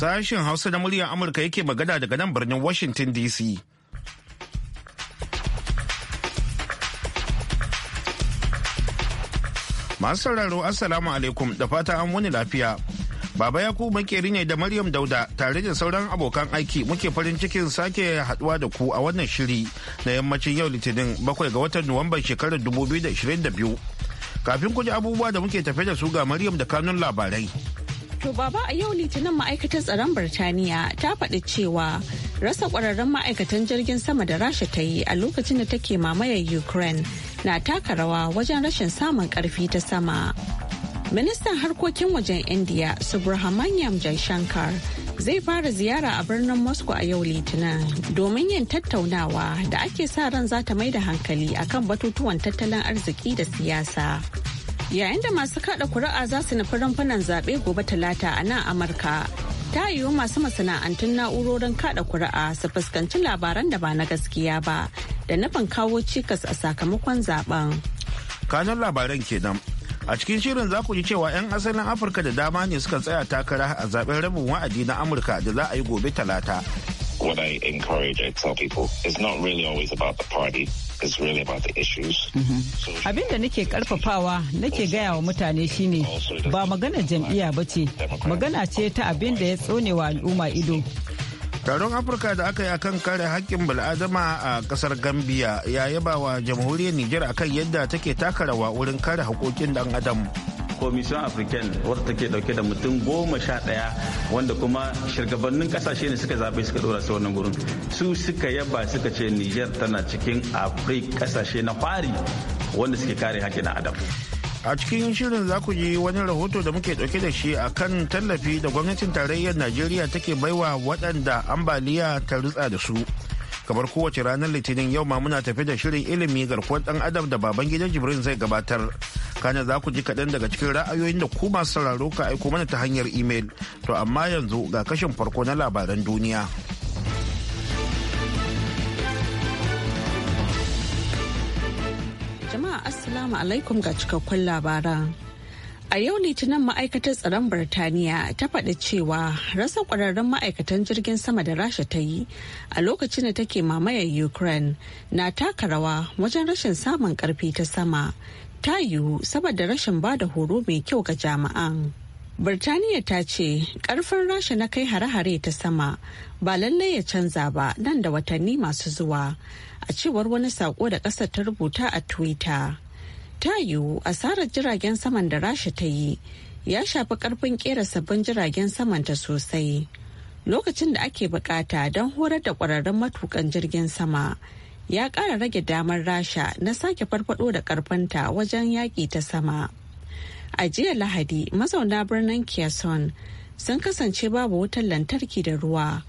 Sashen Hausa na muryar Amurka yake magana daga nan birnin Washington DC. Masu sauraro Assalamu alaikum da fata an wani lafiya. Baba Yakubu makeri ne da Maryam Dauda tare da sauran abokan aiki muke farin cikin sake haduwa da ku a wannan shiri na yammacin yau Litinin bakwai ga watan Nuwamban shekarar 2022. Kafin ku ji abubuwa da muke tafe da su ga Maryam da kanun labarai. To baba a yau litinin ma'aikatar tsaron Birtaniya ta faɗi cewa rasa ƙwararrun ma'aikatan jirgin sama da Rasha ta yi a lokacin da take mamayar Ukraine na taka rawa wajen rashin samun ƙarfi ta sama. Ministan harkokin wajen India Subrahmanyam Jaishankar zai fara ziyara a birnin Moscow a yau litinin domin yin tattaunawa da ake sa ran za ta mai da hankali akan batutuwan tattalin arziki da siyasa. Yayin da masu kada kuri'a za su nufi rumfunan zaɓe gobe talata a nan Amurka. Ta yiwu masu masana'antun na'urorin kada kuri'a su fuskanci labaran da ba na gaskiya ba da nufin kawo cikas a sakamakon zaben. Kanun labaran kenan a cikin shirin za ku ji cewa 'yan asalin afirka da dama ne suka tsaya takara a zaben rabin wa'adi na amurka da za a yi gobe talata what I encourage, I tell people, it's not really always about the party. It's really about the issues. Mm-hmm. Abin da nake karfafawa nake gaya wa mutane shine ba magana jam'iyya ba ce, magana ce ta abin da ya wa al'umma ido. taron afirka da aka yi akan kare hakkin bil'adama a ƙasar gambia ya yaba wa jamhuriyar nijar akan yadda take taka rawa wurin kare haƙoƙin ɗan adam commission african wadda take dauke da mutum goma sha daya wanda kuma shugabannin kasashe ne suka zabe suka dora su wannan gurin su suka yaba suka ce niger tana cikin afrik kasashe na fari wanda suke kare haƙƙin adam a cikin shirin za ku ji wani rahoto da muke dauke da shi a kan tallafi da gwamnatin tarayyar najeriya take baiwa waɗanda ambaliya ta rutsa da su kamar kowace ranar litinin yau ma muna tafi da shirin ilimi garkuwar dan adam da baban gidan jibrin zai gabatar kana za ku ji kaɗan daga cikin ra'ayoyin da ku masu sauraro ka aiko mana ta hanyar imel to amma yanzu ga kashin farko na labaran duniya jama'a assalamu alaikum ga cikakkun labaran A yau Litinin ma'aikatar tsaron Birtaniya ta faɗi cewa rasa ƙwararrun ma'aikatan jirgin sama da Rasha ta yi a lokacin da take mamayar Ukraine na taka rawa wajen rashin samun ƙarfi ta sama. Ta yiwu saboda rashin ba da horo mai kyau ga jama'an. Birtaniya ta ce ƙarfin Rasha na kai hare-hare ta sama ba lallai ya canza ba nan da watanni masu zuwa a cewar wani saƙo da ƙasar ta rubuta a Twitter. ta yiwu asarar jiragen saman da rasha ta yi ya shafi karfin kera sabbin jiragen samanta sosai lokacin da ake bukata don horar da kwararrun matukan jirgin sama ya kara rage damar rasha na sake farfado da karfinta wajen yaƙi ta sama a jiya lahadi mazauna birnin kyason sun kasance babu wutar lantarki da ruwa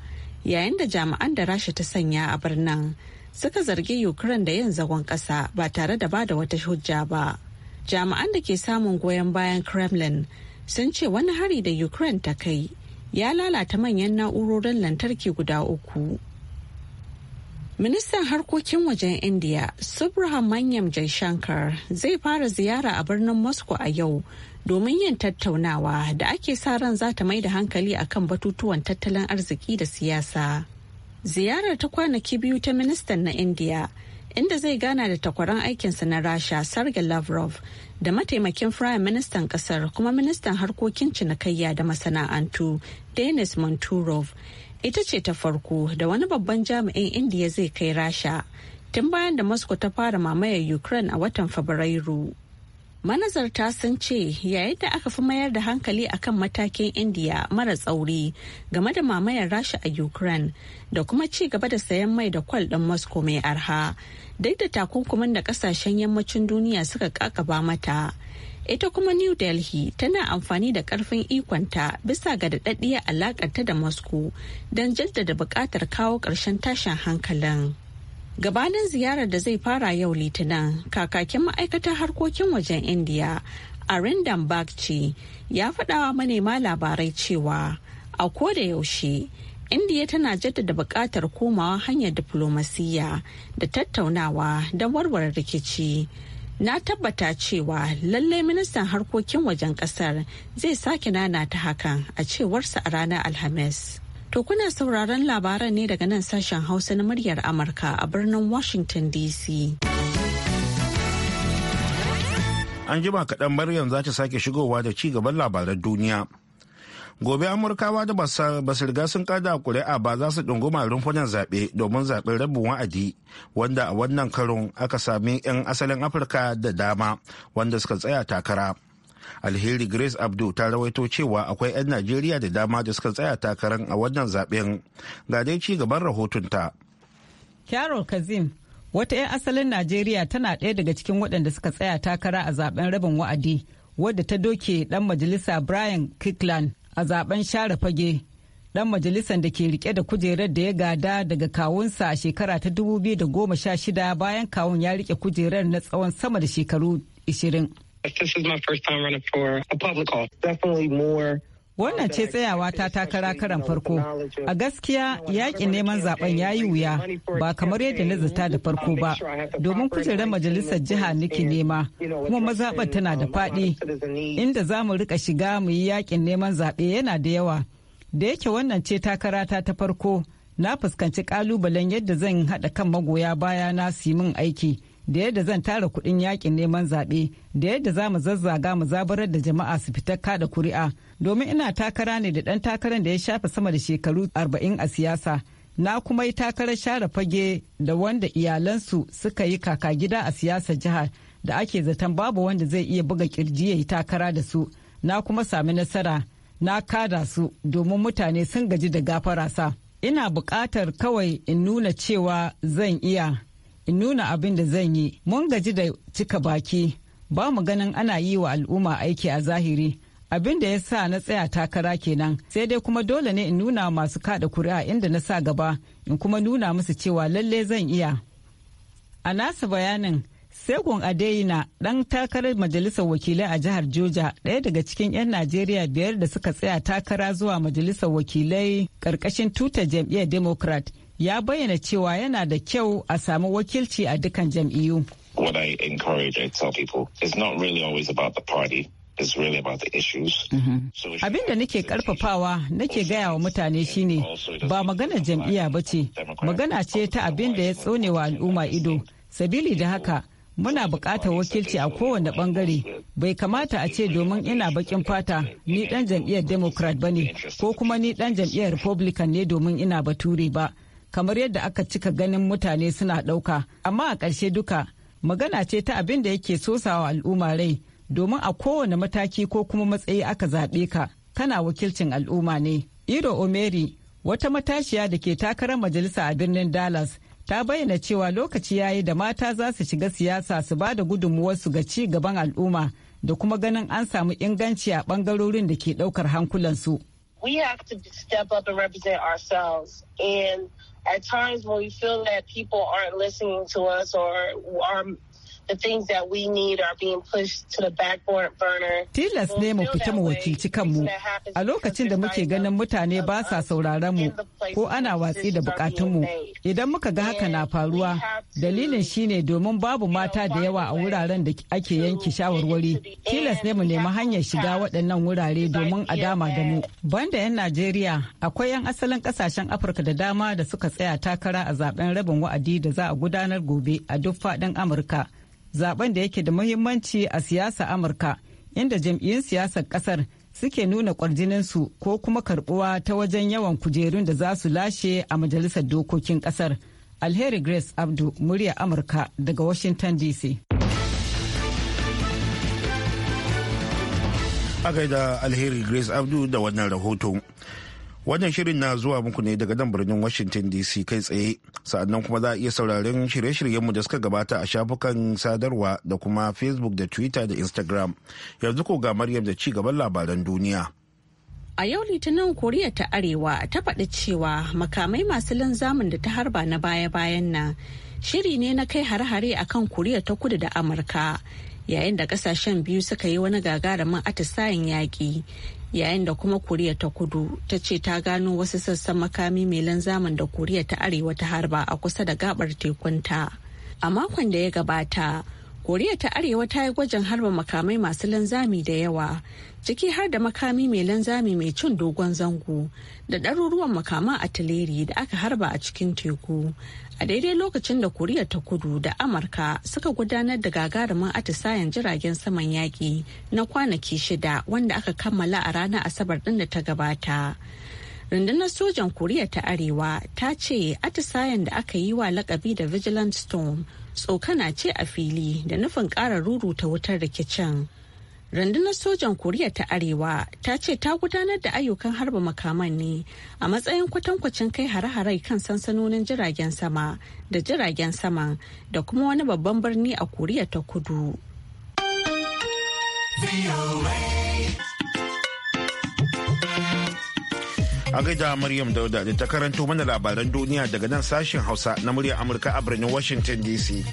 yayin da jami'an da rasha ta sanya a birnin suka zargi Ukraine da yin zagon kasa ba tare da bada wata hujja ba. Jami'an da ke samun goyon bayan Kremlin sun ce wani hari da Ukraine ta kai ya lalata manyan na'urorin lantarki guda uku. Ministan harkokin wajen India, jai Jaishankar, zai fara ziyara a birnin Moscow a yau domin yin tattaunawa da ake sa ran zata mai da hankali akan batutuwan tattalin arziki da siyasa. ziyarar ta kwanaki biyu ta ministan na india inda zai gana da takwaran aikinsa na rasha sergei lavrov da mataimakin firayim ministan kasar kuma ministan harkokin cinikayya da masana'antu denis monturov ita ce ta farko da wani babban jami'in indiya zai kai rasha tun bayan da moscow ta fara mamayar ukraine a watan fabrairu manazarta sun ce yayin da aka fi mayar da hankali akan matakin indiya mara tsauri game da mamayar rasha a ukraine da kuma ci gaba da sayan mai da kwal ɗin moscow mai arha duk da takunkumin da kasashen yammacin duniya suka kakaba mata ita kuma new delhi tana amfani da karfin ikonta bisa ga daɗaɗɗiyar alakarta da moscow don jaddada buƙatar kawo ƙarshen tashin hankalin gabanin ziyarar da zai fara yau litinin kakakin ma'aikatar harkokin wajen indiya arindam bakci ya fadawa manema labarai cewa a koda yaushe indiya tana jaddada buƙatar komawa hanyar diflomasiyya da tattaunawa don warware rikici na tabbata cewa lallai ministan harkokin wajen ƙasar zai sake nana ta hakan a cewarsa a ranar alhamis To kuna sauraron labaran ne daga nan sashen Hausa na muryar Amurka a birnin Washington DC. An jima kaɗan Maryam za ta sake shigowa da ci gaban labaran duniya. Gobe Amurkawa da ba riga sun kada kuri'a ba za su ɗunguma rumfunan zaɓe domin zaɓen rabin wa'adi wanda a wannan karon aka sami 'yan asalin Afirka da dama wanda suka tsaya takara. alheri grace abdu ta rawaito cewa akwai 'yan najeriya da dama da suka tsaya takarar a wannan zaben ga dai ci gaban rahotonta carol kazim wata 'yan asalin najeriya tana ɗaya daga cikin waɗanda suka tsaya takara a zaben rabin wa'adi wadda ta doke ɗan majalisa brian kirkland a zaben share fage ɗan majalisar da ke rike da kujerar da ya gada daga kawunsa a shekara ta 2016 bayan kawun ya rike kujerar na tsawon sama da shekaru 20. This is my first time running for a public office. Definitely more Wannan ce tsayawa ta takara karan farko. A gaskiya yaƙin neman zaben ya yi wuya ba kamar yadda na zata da farko ba, domin kujerar majalisar jiha nake nema, kuma mazaɓar tana da faɗi, inda za mu rika shiga mu yi yakin neman zaɓe yana da yawa. Da yake wannan ce takarata ta farko, na fuskanci ƙalubalen yadda zan haɗa kan magoya baya na su yi aiki. da yadda zan tara kuɗin yakin neman zaɓe da yadda za mu zazzaga mu zabarar da jama'a su fitar kada kuri'a domin ina takara ne da ɗan takarar da ya shafe sama da shekaru arba'in a siyasa na kuma yi takarar share fage da wanda iyalansu suka yi kaka gida a siyasar jihar da ake zaton babu wanda zai iya buga kirji ya yi takara da su na kuma sami nasara na kada su domin mutane sun gaji da gafara sa ina buƙatar kawai in nuna cewa zan iya in nuna abin da zan yi mun gaji da cika baki ba mu ganin ana yi wa al'umma aiki a zahiri abin da ya sa na tsaya takara kenan sai dai kuma dole ne in nuna masu kada kuri'a inda na sa gaba in kuma nuna musu cewa lalle zan iya a nasa bayanin segun adeyina dan takarar majalisar wakilai a jihar joja ɗaya daga cikin 'yan najeriya biyar da suka tsaya takara zuwa majalisar wakilai ƙarƙashin tuta jam'iyyar democrat ya bayyana cewa yana da kyau a samu wakilci a dukkan jam'iyyu. What I encourage, I tell people, Abin da nake karfafawa nake gaya wa mutane shine ba magana jam'iyya ba ce, magana ce ta abin da ya tsone wa al'umma ido. Sabili da haka muna buƙatar wakilci a kowane bangare bai kamata a ce domin ina bakin fata ni ɗan jam'iyyar democrat ba ne ko kuma ni ɗan jam'iyyar republican ne domin ina bature ba. kamar yadda aka cika ganin mutane suna ɗauka amma a ƙarshe duka magana ce ta abin da yake sosawa al'umma rai domin a kowane mataki ko kuma matsayi aka zaɓe ka kana wakilcin al'umma ne iro omeri wata matashiya da ke takarar majalisa a birnin dallas ta bayyana cewa lokaci ya yi da mata za su shiga siyasa su ba da su ga ci gaban al'umma da kuma ganin an samu inganci a bangarorin da ke ɗaukar hankulansu. We have to step at times when we feel that people aren't listening to us or are the things that we need Tilas ne mu fita mu wakilci kanmu a lokacin da muke ganin mutane ba sa sauraron mu ko ana watsi da bukatun mu Idan muka ga haka na faruwa dalilin shine domin babu mata da yawa a wuraren da ake yanke shawarwari. Tilas ne mu nemi hanyar shiga waɗannan wurare domin a dama da mu. Banda 'yan Najeriya akwai 'yan asalin ƙasashen Afirka da dama da suka tsaya takara a zaben rabin wa'adi da za a gudanar gobe a duk faɗin Amurka. zaben da yake da muhimmanci a siyasa amurka inda jam'iyyun siyasar kasar suke nuna kwarjininsu ko kuma karbuwa ta wajen yawan kujerun da za su lashe a majalisar dokokin kasar alheri grace abdu murya amurka daga washington dc a gaida alheri grace abdu da wannan rahoto Wannan shirin na zuwa muku ne daga nan birnin Washington DC kai tsaye, sa'annan kuma za a iya sauraron shirye-shiryenmu da suka gabata a shafukan sadarwa da kuma Facebook da Twitter da Instagram. Yanzu ko ga Maryam da ci gaban labaran duniya. A yau Litinin Koriya ta Arewa ta faɗi cewa makamai masu linzamin da ta harba na baya-bayan nan shiri ne na kai hare-hare akan Koriya ta Kudu da Amurka. yayin da kasashen biyu suka yi wani gagarumin atisayen yaƙi yayin da kuma koriya ta kudu ta ce ta gano wasu sassan makami mai linzamin da koriya ta arewa ta harba a kusa da gabar tekunta a makon da ya gabata koriya ta arewa ta yi gwajin harba makamai masu linzami da yawa ciki har da makami mai linzami mai cin dogon zango da ɗaruruwan makaman atileri da aka harba a cikin teku a daidai lokacin da koriya ta kudu da amurka suka gudanar da gagarumin atisayen jiragen saman yaƙi na kwanaki shida wanda aka kammala a ranar asabar ɗin da ta gabata rundunar sojan koriya ta arewa ta ce atisayen da aka yi wa lakabi da vigilant storm tsokana ce a fili da nufin ƙara ruruta wutar rikicin rundunar sojan koriya ta arewa ta ce ta gudanar da ayyukan harba makaman ne a matsayin kwatankwacin kai hare-hare kan sansanonin jiragen sama da jiragen sama da kuma wani babban birni a koriya ta kudu. a gaida Maryam Dauda da ta karanto mana labaran duniya daga nan sashen Hausa na murya Amurka a birnin Washington DC.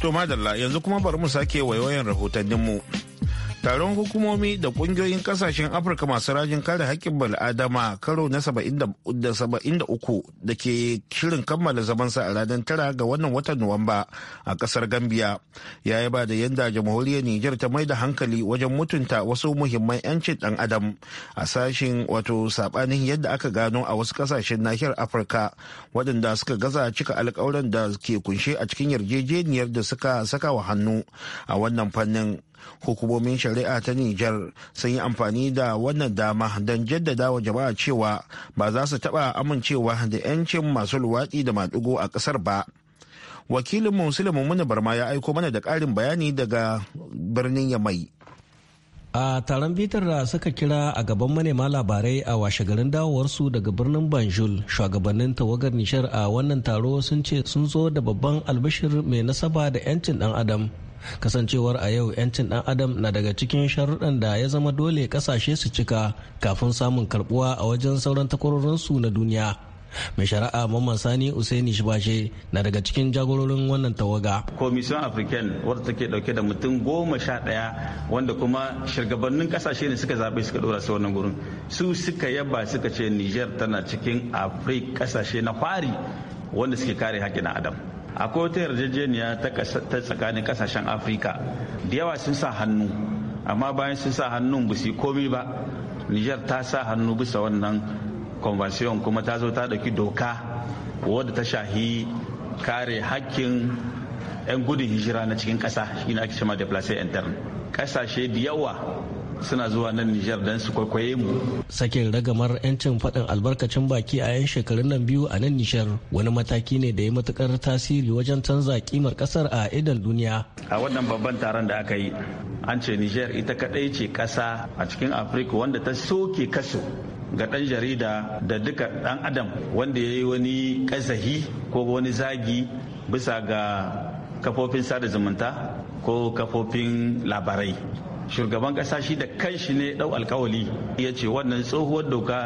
To madalla yanzu kuma bari mu sake wayoyin rahotanninmu. mu. taron hukumomi da kungiyoyin kasashen afirka masu rajin kare haƙƙin bal'adama karo na 73 da ke shirin kammala zamansa a ranar tara ga wannan watan nuwamba a ƙasar gambia ya yi ba da yadda jamhuriyar niger ta mai da hankali wajen mutunta wasu muhimman 'yancin ɗan adam a sashen wato saɓanin yadda aka gano a wasu kasashen nahiyar afirka waɗanda suka gaza cika alƙawuran da ke kunshe a cikin yarjejeniyar da suka saka wa hannu a wannan fannin hukumomin shari'a ta Nijar sun yi amfani da wannan dama don jaddada wa jama'a cewa ba za su taɓa amincewa da 'yancin masu luwaɗi da maɗigo a ƙasar ba. Wakilin Musulun Muna Barma ya aiko mana da ƙarin bayani daga birnin Yamai. a taron bitar da suka kira a gaban manema labarai a washegarin dawowarsu daga birnin banjul shugabannin tawagar nishar a wannan taro sun ce sun zo da babban albishir mai nasaba da 'yancin dan adam kasancewar a yau 'yancin dan adam na daga cikin sharuɗan da ya zama dole kasashe su cika kafin samun karbuwa a wajen sauran takwarorinsu na duniya mai shari'a mamman sani usaini shibashe na daga cikin jagororin wannan tawaga commission african wadda take dauke da mutum goma sha daya wanda kuma shugabannin kasashe ne suka zaɓe suka dora su wannan gurin su suka yaba suka ce niger tana cikin afrik kasashe na fari wanda suke kare haƙƙin adam akwai wata yarjejeniya ta tsakanin kasashen afirka da yawa sun sa hannu amma bayan sun sa hannun ba su komi ba niger ta sa hannu bisa wannan convention kuma ta zo ta ɗauki doka wadda ta shahi kare hakkin 'yan gudun hijira na cikin kasa shi ne ake shama da place intern ƙasashe da yawa suna zuwa nan Nijar dan su kwaikwaye mu. Sakin ragamar 'yancin faɗin albarkacin baki a 'yan shekarun nan biyu a nan Nijar wani mataki ne da ya matukar tasiri wajen canza kimar ƙasar a idan duniya. A wannan babban taron da aka yi an ce Nijar ita kaɗai ce ƙasa a cikin Afirka wanda ta soke kaso ga ɗan jarida da duka ɗan adam wanda ya yi wani ƙazahi ko wani zagi bisa ga kafofin sada zumunta ko kafofin labarai shugaban kasa shi da shi ne dau alkawali ya ce wannan tsohuwar doka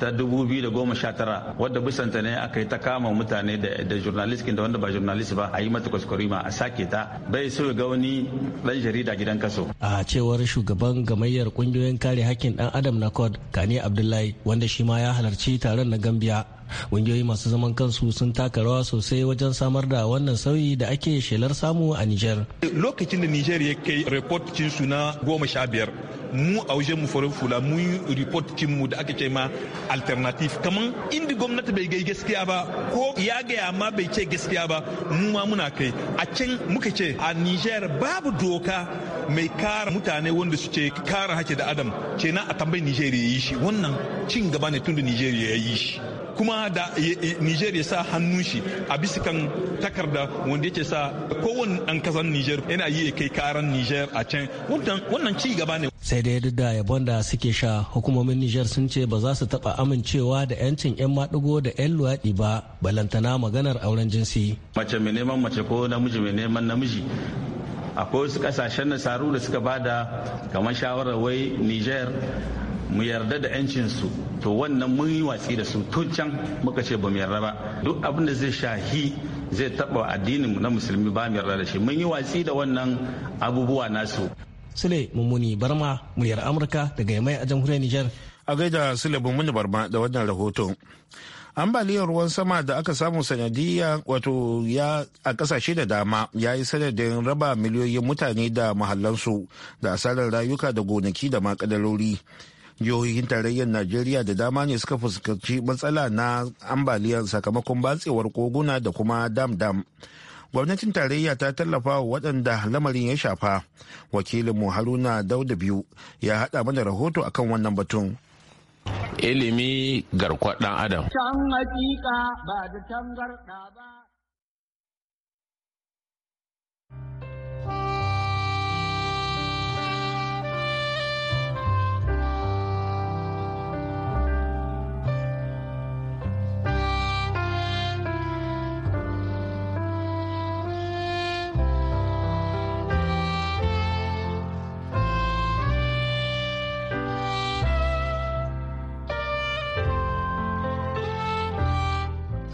ta 2019 wadda bisanta ne aka yi ta kama mutane da jurnalist da wanda ba jurnalist ba a yi mata ma a sake ta bai so ga wani dan jarida gidan kaso. a cewar shugaban gamayyar kungiyoyin kare hakkin dan adam na code kani abdullahi wanda shi ma ya halarci taron na gambia ƙungiyoyi masu zaman kansu sun taka rawa sosai wajen samar da wannan sauyi da ake shelar samu a Nijar. Lokacin da Nijar ya kai report cin su na goma sha biyar mu a wajen mu farin fula mu yi report cin mu da aka ce ma alternative kaman inda gwamnati bai gai gaskiya ba ko ya gaya ma bai ce gaskiya ba mu ma muna kai a can muka ce a Nijar babu doka mai kara mutane wanda su ce kara hake da adam ce na a tambayi Nijar ya yi shi wannan cin gaba ne tun da Nijar ya yi shi. kuma da niger ya sa hannun shi a bisa kan takarda wanda yake sa kowane ɗan kasar niger yana yi kai karan niger a can wannan ci gaba ne sai dai duk da yabon da suke sha hukumomin niger sun ce ba za su taɓa amincewa da 'yancin 'yan maɗigo da 'yan luwaɗi ba balantana maganar auren jinsi mace mai neman mace ko namiji mai neman namiji akwai wasu kasashen nasaru da suka bada kamar shawarar wai niger mu yarda da 'yancinsu to wannan mun yi watsi da su tun can muka ce ba mu yarda ba duk abin da zai shahi zai taba addinin na musulmi ba mu yarda da shi mun yi watsi da wannan abubuwa nasu sule mummuni barma muryar amurka daga yamai a jamhuriyar niger a gaida sule mummuni barma da wannan rahoton ambaliyar ruwan sama da aka samu sanadiyya wato ya a kasashe da dama ya yi sanadin raba miliyoyin mutane da mahallansu da asarar rayuka da gonaki da makadarori jihohin tarayyar najeriya da dama ne suka fuskanci matsala na ambaliyar sakamakon batsewar koguna da kuma dam-dam gwamnatin tarayya ta tallafa wa waɗanda lamarin ya shafa wakilinmu haruna dauda biyu ya haɗa mana rahoto akan wannan batun ilimi garkwaɗan adam can ba da tangarɗa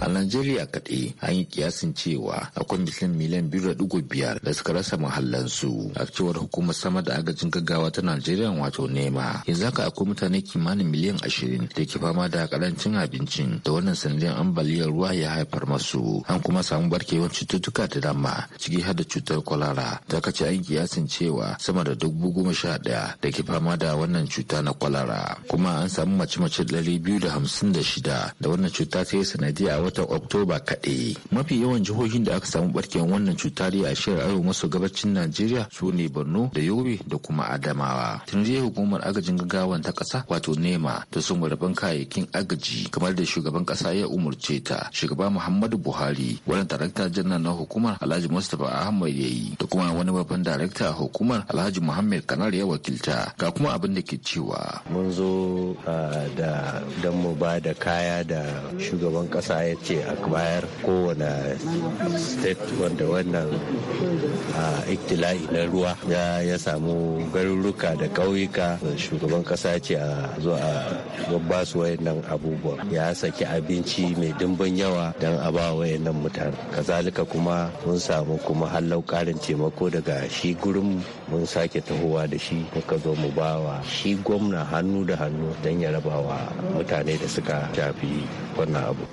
a najeriya kaɗai an yi kiyasin cewa akwai mutum miliyan biyu da dugu biyar da suka rasa mahallansu a cewar hukumar sama da agajin gaggawa ta najeriya wato nema yanzu haka akwai mutane kimanin miliyan ashirin da ke fama da karancin abincin da wannan sanadiyar ambaliyar ruwa ya haifar masu an kuma samu barkewar cututtuka da dama ciki har da cutar kwalara da aka ce an kiyasin cewa sama da dubu goma sha ɗaya da ke fama da wannan cuta na kwalara kuma an samu mace-mace ɗari biyu da hamsin da shida da wannan cuta ta yi sanadiyar watan oktoba kaɗai mafi yawan jihohin da aka samu barkewar wannan cuta dai a shirar arewa maso gabacin najeriya su ne borno da yobe da kuma adamawa tunje hukumar agajin gaggawan ta ƙasa wato nema ta sun rabon kayayyakin agaji kamar da shugaban ƙasa ya umurce ta shugaba muhammadu buhari wani darakta janar na hukumar alhaji mustapha ahmad ya yi da kuma wani babban darakta hukumar alhaji muhammad kanar ya wakilta ga kuma abin da ke cewa mun zo ah, da don mu ba da kaya da shugaban kasa ya ce a bayar kowane state wanda wannan iktila'i na ruwa ya samu garuruka da kauyuka shugaban kasa ce a zo a babba su wayannan abubuwa ya saki abinci mai dimbin yawa don a ba wayannan mutane kazalika kuma mun samu kuma hallau karin taimako daga shi gurin mun sake tahowa da shi muka zo mu wa shi gwamna hannu da hannu don ya rabawa mutane da suka shafi wannan abu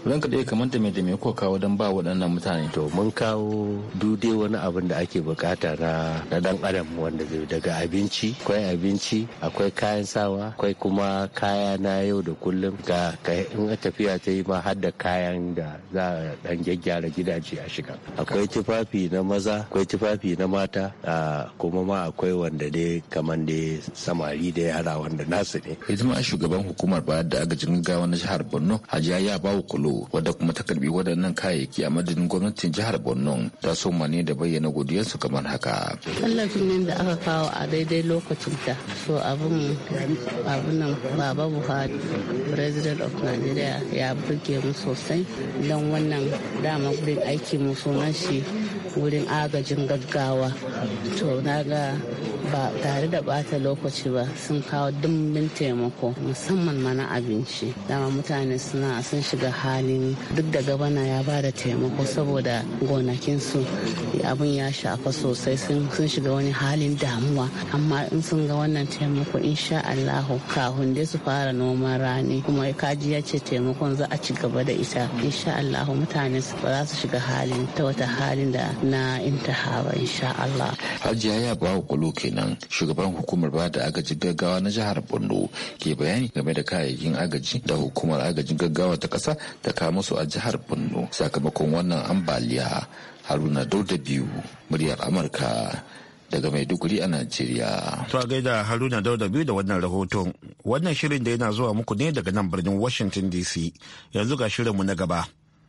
kamar da me ko kawo don ba waɗannan mutane to mun kawo dude wani abin da ake bukata na na dan adam wanda zai daga abinci akwai abinci akwai kayan sawa akwai kuma kaya na yau da kullum ga in tafiya ta yi ma har da kayan da za a dan gyaggyara gidaje a shiga akwai tufafi na maza akwai tufafi na mata kuma ma akwai wanda dai kamar dai samari da yara wanda nasu ne Ya zama shugaban hukumar bayar da agajin gawa na jihar borno hajiya ya bawa kulo wadda kuma kuma ta karbi waɗannan kayayyaki a madadin gwamnatin jihar borno ta soma ne da bayyana godiyarsu kamar haka tallafin ne da aka kawo a daidai lokacin ta so abin abinan baba buhari president of nigeria ya burge mu sosai don wannan dama gurin aiki mu sunan shi wurin agajin gaggawa to na ga ba tare da bata lokaci ba sun kawo dimbin taimako musamman mana abinci dama mutane suna sun shiga halin duk da gabana ya ba da taimako saboda gonakinsu abin ya shafa sosai sun shiga wani halin damuwa amma in sun ga wannan taimako insha allahu kafin dai su fara noman rani kuma kaji ya ce taimakon za a ci gaba da ita insha allahu mutane ba za su shiga halin ta wata halin da na intaha ba insha allah hajiya ya ba kenan shugaban hukumar ba da agajin gaggawa na jihar borno ke bayani game da kayayyakin agaji da hukumar agajin gaggawa ta kasa ta kawo musu a jihar borno sakamakon wannan ambaliya haruna dauda biyu muryar amurka daga Maiduguri a Najeriya. To a gaida Haruna Dauda biyu da wannan rahoton. Wannan shirin da yana zuwa muku ne daga nan birnin Washington DC. Yanzu ga shirinmu na gaba.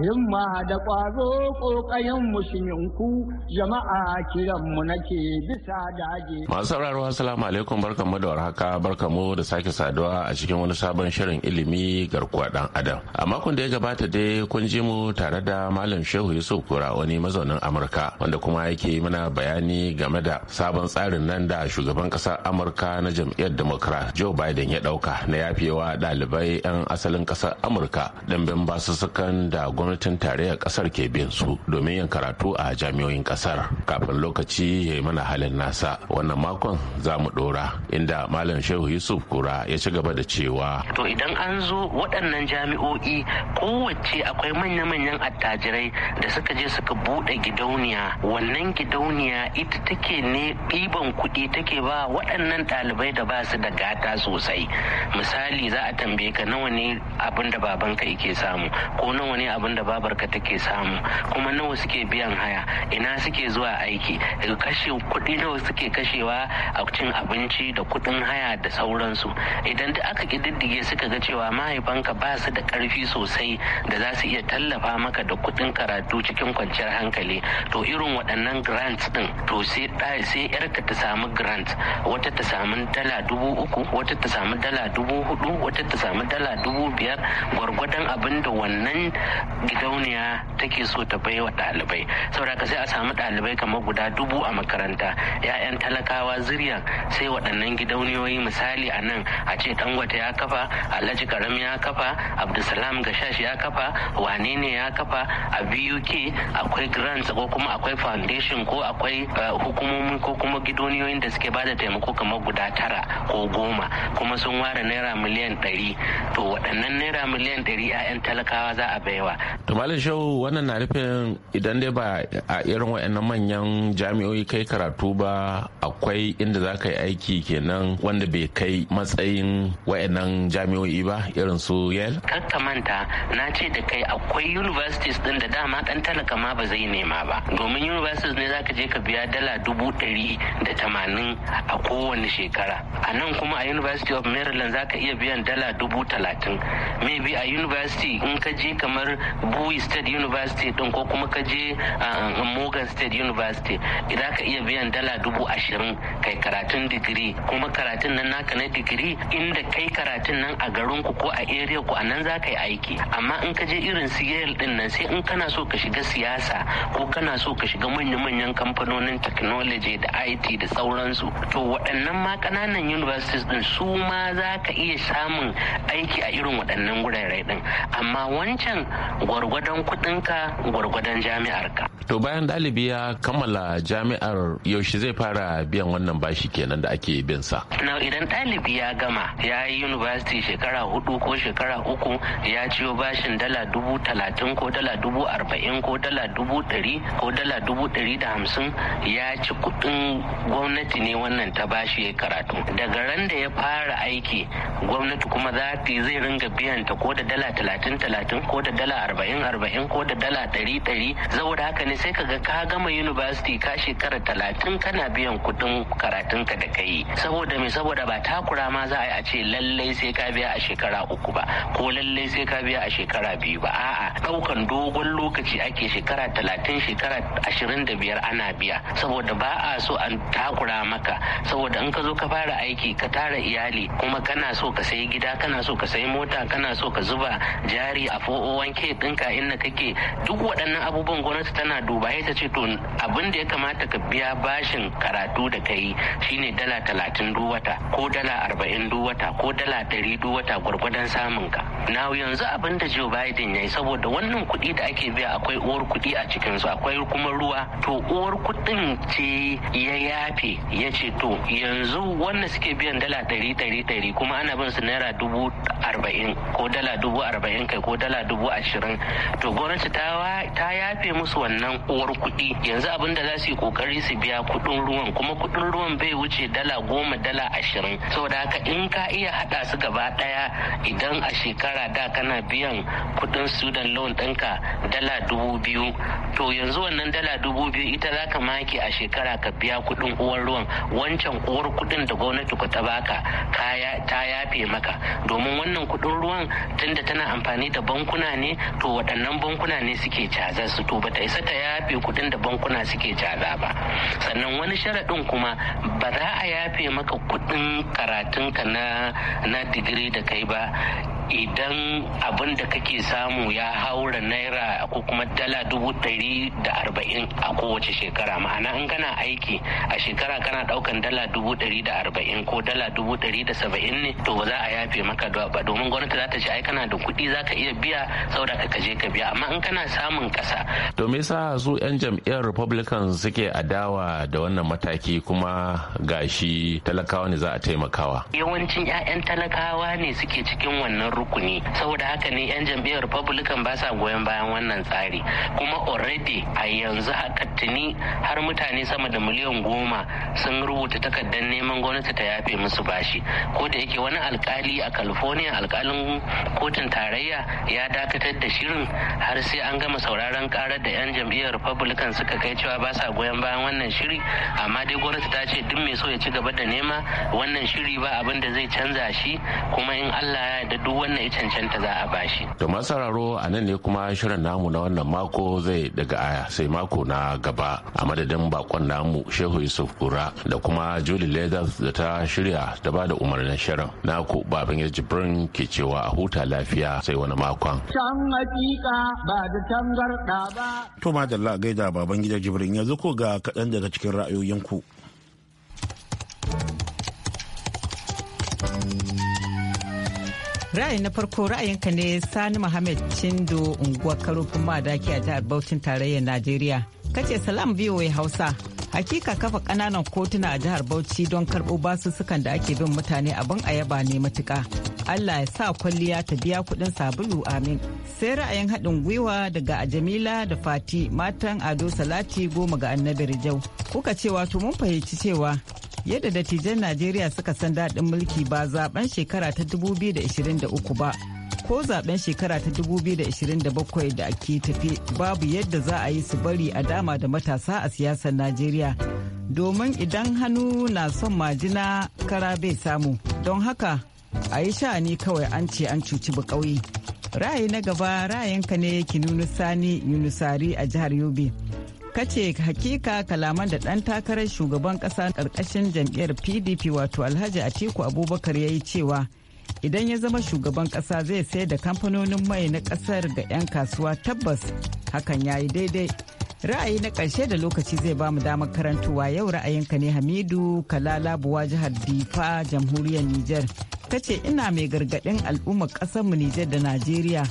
himma da ƙwazo ƙayan musulminku jama'a kiranmu nake bisa daji. Masu sauraro assalamu alaikum mu da warhaka mu da sake saduwa a cikin wani sabon shirin ilimi garkuwa ɗan adam. A makon da ya gabata dai kun ji mu tare da Malam Shehu Yusuf Kura wani mazaunin Amurka wanda kuma yake mana bayani game da sabon tsarin nan da shugaban ƙasar Amurka na jam'iyyar Democrat Joe Biden ya ɗauka na yafewa ɗalibai 'yan asalin ƙasar Amurka ɗanben basussukan da gwamnatin tarayyar kasar ke bin su domin yin karatu a jami'oyin kasar kafin lokaci ya yi mana halin nasa wannan makon za mu dora inda malam shehu yusuf kura ya ci gaba da cewa to idan an zo waɗannan jami'o'i kowace akwai manya-manyan attajirai da suka je suka buɗe gidauniya wannan gidauniya ita take ne ɗiban kuɗi take ba waɗannan ɗalibai da ba su da gata sosai misali za a tambaye ka nawa ne abin da babanka yake samu ko nawa ne abin abin babarka take samu kuma nawa suke biyan haya ina suke zuwa aiki kashe kuɗi nawa suke kashewa a cin abinci da kuɗin haya da sauransu idan da aka ƙididdige suka ga cewa mahaifanka ba su da ƙarfi sosai da za su iya tallafa maka da kuɗin karatu cikin kwanciyar hankali to irin waɗannan grants ɗin to sai yarka ta samu grant wata ta samu dala dubu uku wata ta samu dala dubu hudu wata ta samu dala dubu biyar gwargwadon abin da wannan gidauniya take so ta baiwa ɗalibai saboda ka sai a samu ɗalibai kamar guda dubu a makaranta 'ya'yan talakawa zirya sai waɗannan gidauniyoyi misali a nan a ce dangote ya kafa alhaji karam ya kafa abdulsalam gashash ya kafa wane ne ya kafa a buk akwai grants ko kuma akwai foundation ko akwai eh, hukumomi ko kuma gidauniyoyin da suke bada taimako kamar guda tara ko goma kuma sun ware naira miliyan ɗari to waɗannan naira miliyan ɗari 'ya'yan talakawa za a baiwa to malam shehu wannan na nufin idan dai ba a irin waannan manyan jami'o'i kai karatu ba akwai inda za ka yi aiki kenan wanda bai kai matsayin wayannan jami'o'i ba irin su yale kakka manta na ce da kai akwai universities din da dama dan talaka ma ba zai nema ba domin universities ne za ka je ka biya dala dubu ɗari da tamanin a kowane shekara a nan kuma a university of maryland za ka iya biyan dala dubu talatin maybe a university in ka je kamar Bowie State University din ko kuma ka je Morgan State University idan ka iya biyan dala dubu ashirin kai karatun digiri kuma karatun nan naka na digiri inda kai karatun nan a garin ku ko a area ku a nan za ka yi aiki amma in ka je irin su Yale din nan sai in kana so ka shiga siyasa ko kana so ka shiga manya-manyan kamfanonin technology da IT da sauransu to waɗannan ma ƙananan universities din su ma za ka iya samun aiki a irin waɗannan gurare din amma wancan gwargwadon kudinka gwargwadon jami'ar ka. to bayan ɗalibi ya kammala jami'ar yaushe zai fara biyan wannan bashi kenan da ake bin sa na idan ɗalibi ya gama ya yi university shekara hudu ko shekara uku ya ciyo bashin dala dubu talatin ko dala dubu arba'in ko dala dubu ɗari ko dala dubu ɗari da hamsin ya ci kudin gwamnati ne wannan ta bashi ya karatu daga ran da ya fara aiki gwamnati kuma za zai ringa biyan ta ko da dala talatin talatin ko da dala arba'in arba'in arba'in ko da dala ɗari ɗari saboda haka ne sai kaga ka gama university ka shekara talatin kana biyan kuɗin karatunka da kai saboda me saboda ba takura ma za a yi a ce lallai sai ka biya a shekara uku ba ko lallai sai ka biya a shekara biyu ba a'a ɗaukan dogon lokaci ake shekara talatin shekara ashirin da biyar ana biya saboda ba a so an takura maka saboda in ka zo ka fara aiki ka tara iyali kuma kana so ka sayi gida kana so ka sayi mota kana so ka zuba jari a 401k ɗinka inda kake duk waɗannan abubuwan gwamnati tana duba ya ta ce to abin da ya kamata ka biya bashin karatu da kai shine dala talatin duk wata ko dala arba'in duk wata ko dala ɗari duk wata gwargwadon samun ka na yanzu abin da joe biden ya yi saboda wannan kuɗi da ake biya akwai uwar kuɗi a cikinsu akwai kuma ruwa to uwar kuɗin ce ya yafe ya ce to yanzu wannan suke biyan dala ɗari ɗari ɗari kuma ana bin su naira dubu arba'in ko dala dubu arba'in kai ko dala dubu ashirin to gwamnati ta yafe musu wannan uwar kuɗi yanzu abin da za su yi kokari su biya kuɗin ruwan kuma kuɗin ruwan bai wuce dala goma dala ashirin saboda haka in ka iya haɗa su gaba ɗaya idan a shekara da kana biyan kuɗin student loan ɗinka dala dubu biyu to yanzu wannan dala dubu biyu ita za ka make a shekara ka biya kuɗin uwar ruwan wancan uwar kuɗin da gwamnati ku ta baka ta yafe maka domin wannan kuɗin ruwan tunda tana amfani da bankuna ne to waɗannan bankuna ne suke caza su to bata isa ta yafe kuɗin da bankuna suke caza ba sannan wani sharaɗin kuma ba za a yafe maka kuɗin karatunka na digiri da kai ba idan abin da kake samu ya haura naira ko kuma dala dubu ɗari da arba'in a kowace shekara ma'ana in kana aiki a shekara kana ɗaukan dala dubu ɗari da arba'in ko dala dubu ɗari da saba'in ne to za a yafe maka ba domin gwamnati za ta ce ai kana da kuɗi za ka iya biya saboda ka je ka biya amma in kana samun ƙasa. to me yasa su 'yan jam'iyyar republican suke adawa da wannan mataki kuma gashi talakawa ne za a taimakawa. yawancin 'ya'yan talakawa ne suke cikin wannan rukuni saboda haka ne 'yan jam'iyyar republican ba sa goyon bayan wannan tsari kuma already a yanzu haka tuni har mutane sama da miliyan goma sun rubuta takardar neman gwamnati ta yafe musu bashi ko da yake wani alkali a california alkalin kotun tarayya ya dakatar da shirin har sai an gama sauraron karar da 'yan jam'iyyar republican suka kai cewa ba sa goyon bayan wannan shiri amma dai gwamnati ta ce duk mai so ya ci gaba da nema wannan shiri ba abin da zai canza shi kuma in allah ya yarda duk wannan cancanta za a bashi. To masararo a nan ne kuma shirin namu na wannan mako zai daga aya sai mako na gaba a madadin bakon namu Shehu Yusuf Kura da kuma Julie Leathers da ta shirya da ba da umarnin shirin. Na ku baban ya jibrin ke cewa a huta lafiya sai wani makon. Can hakika ba da tangarda ba. To madalla gaida baban gida jibrin yanzu ko ga kaɗan daga cikin ra'ayoyinku. ku. ra'ayi na farko ra'ayinka ne sani muhammad cindo unguwar karofin madaki a jihar bautin tarayyar najeriya kace salam voa hausa hakika kafa kananan kotuna a jihar bauchi don karɓo basussukan da ake bin mutane abin ayaba ne matuka allah ya sa kwalliya ta biya kudin sabulu amin sai ra'ayin haɗin gwiwa daga ajamila da fati matan ado salati goma ga annabi rijau kuka cewa to mun fahimci cewa yadda dattijan najeriya suka san daɗin mulki ba zaben shekara ta 2023 ba ko zaben shekara ta 2027 da ake tafe babu yadda za a yi su bari a dama da matasa a siyasar najeriya domin idan hannu na son majina kara bai samu don haka a yi sha'ani kawai an ce an cuci ƙauye ra'ayi na gaba ra'ayinka ne yake nuna sani yunusari a jihar yobe kace hakika kalaman da ɗan takarar shugaban ƙasa ƙarƙashin jam'iyyar pdp wato alhaji atiku abubakar ya yi cewa idan ya zama shugaban ƙasa zai sayar da kamfanonin mai na ƙasar ga 'yan kasuwa tabbas hakan ya yi daidai ra'ayi na ƙarshe da lokaci zai ba mu damar karantuwa yau ra'ayinka ne hamidu kalala buwa jihar difa jamhuriyar niger ta ce ina mai gargaɗin al'ummar ƙasarmu niger da najeriya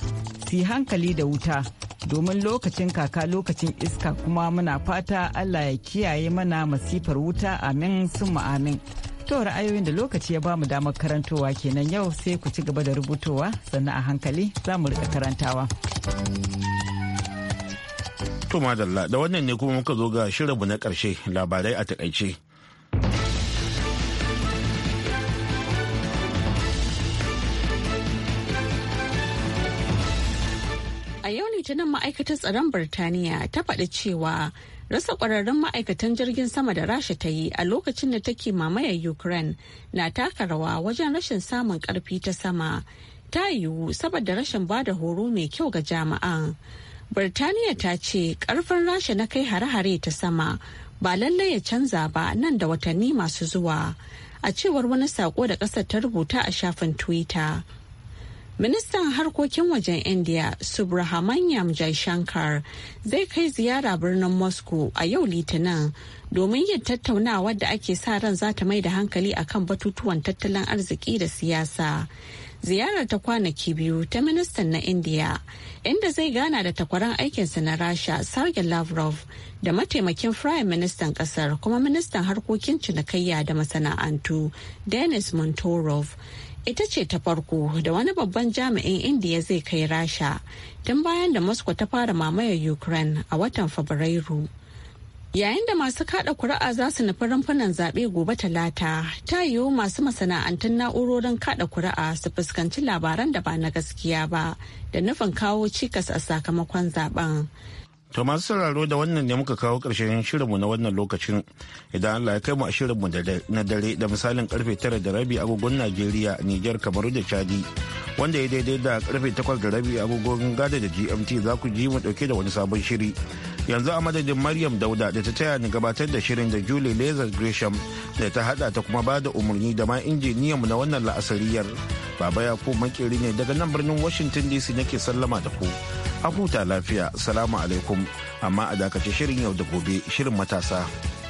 su hankali da wuta domin lokacin kaka lokacin iska kuma muna fata Allah ya kiyaye mana masifar wuta amin sun amin. To ra'ayoyin da lokaci ya ba mu damar karantowa kenan yau sai ku ci gaba da rubutowa sannan a hankali za mu rika karantawa. To madalla da wannan ne kuma muka zo ga shirinmu na karshe labarai a takaice. litinin ma'aikatar tsaron birtaniya ta faɗi cewa rasa ƙwararrun ma'aikatan jirgin sama da rasha ta yi a lokacin da take mamayar ukraine na taka rawa wajen rashin samun ƙarfi ta sama ta yiwu saboda rashin bada horo mai kyau ga jami'an birtaniya ta ce ƙarfin rasha na kai hare-hare ta sama ba lallai ya canza ba nan da watanni masu zuwa a cewar wani sako da ƙasar ta rubuta a shafin twitter Ministan harkokin wajen India Subrahmanyam Jaishankar zai kai ziyara birnin Moscow a yau Litinin domin yin tattaunawar da ake sa ran zata mai da hankali akan batutuwan tattalin arziki da siyasa. ziyarar ta kwanaki biyu ta ministan na india inda zai gana da takwaran aikinsa na rasha sergei lavrov da mataimakin prime ministan kasar kuma ministan harkokin cinikayya da masana'antu denis montorov ita ce ta farko da wani babban jami'in indiya zai kai rasha tun bayan da moscow ta fara mamayar ukraine a watan fabrairu Yayin da masu kada kuri'a za su nufi rumfunan zaɓe gobe talata, ta yiwu masu masana'antun na'urorin kada kuri'a su fuskanci labaran da ba na gaskiya ba da nufin kawo cikas a sakamakon zaben. To masu sauraro da wannan ne muka kawo ƙarshen shirinmu na wannan lokacin idan Allah ya kai mu a shirinmu na dare da misalin karfe tara da rabi agogon Najeriya, Nijar, Kamaru da Chadi wanda ya daidai da karfe takwas da rabi agogon gada da GMT za ku ji mu ɗauke da wani sabon shiri. Yanzu a madadin Maryam Dauda da ta taya ni gabatar da shirin da Julie Lazar Gresham da ta hada ta kuma ba da umarni da ma injiniyanmu na wannan la'asariyar. Baba Yakubu makeri ne daga nan birnin Washington DC nake sallama da ku. a huta lafiya salamu alaikum amma a dakace shirin yau da gobe shirin matasa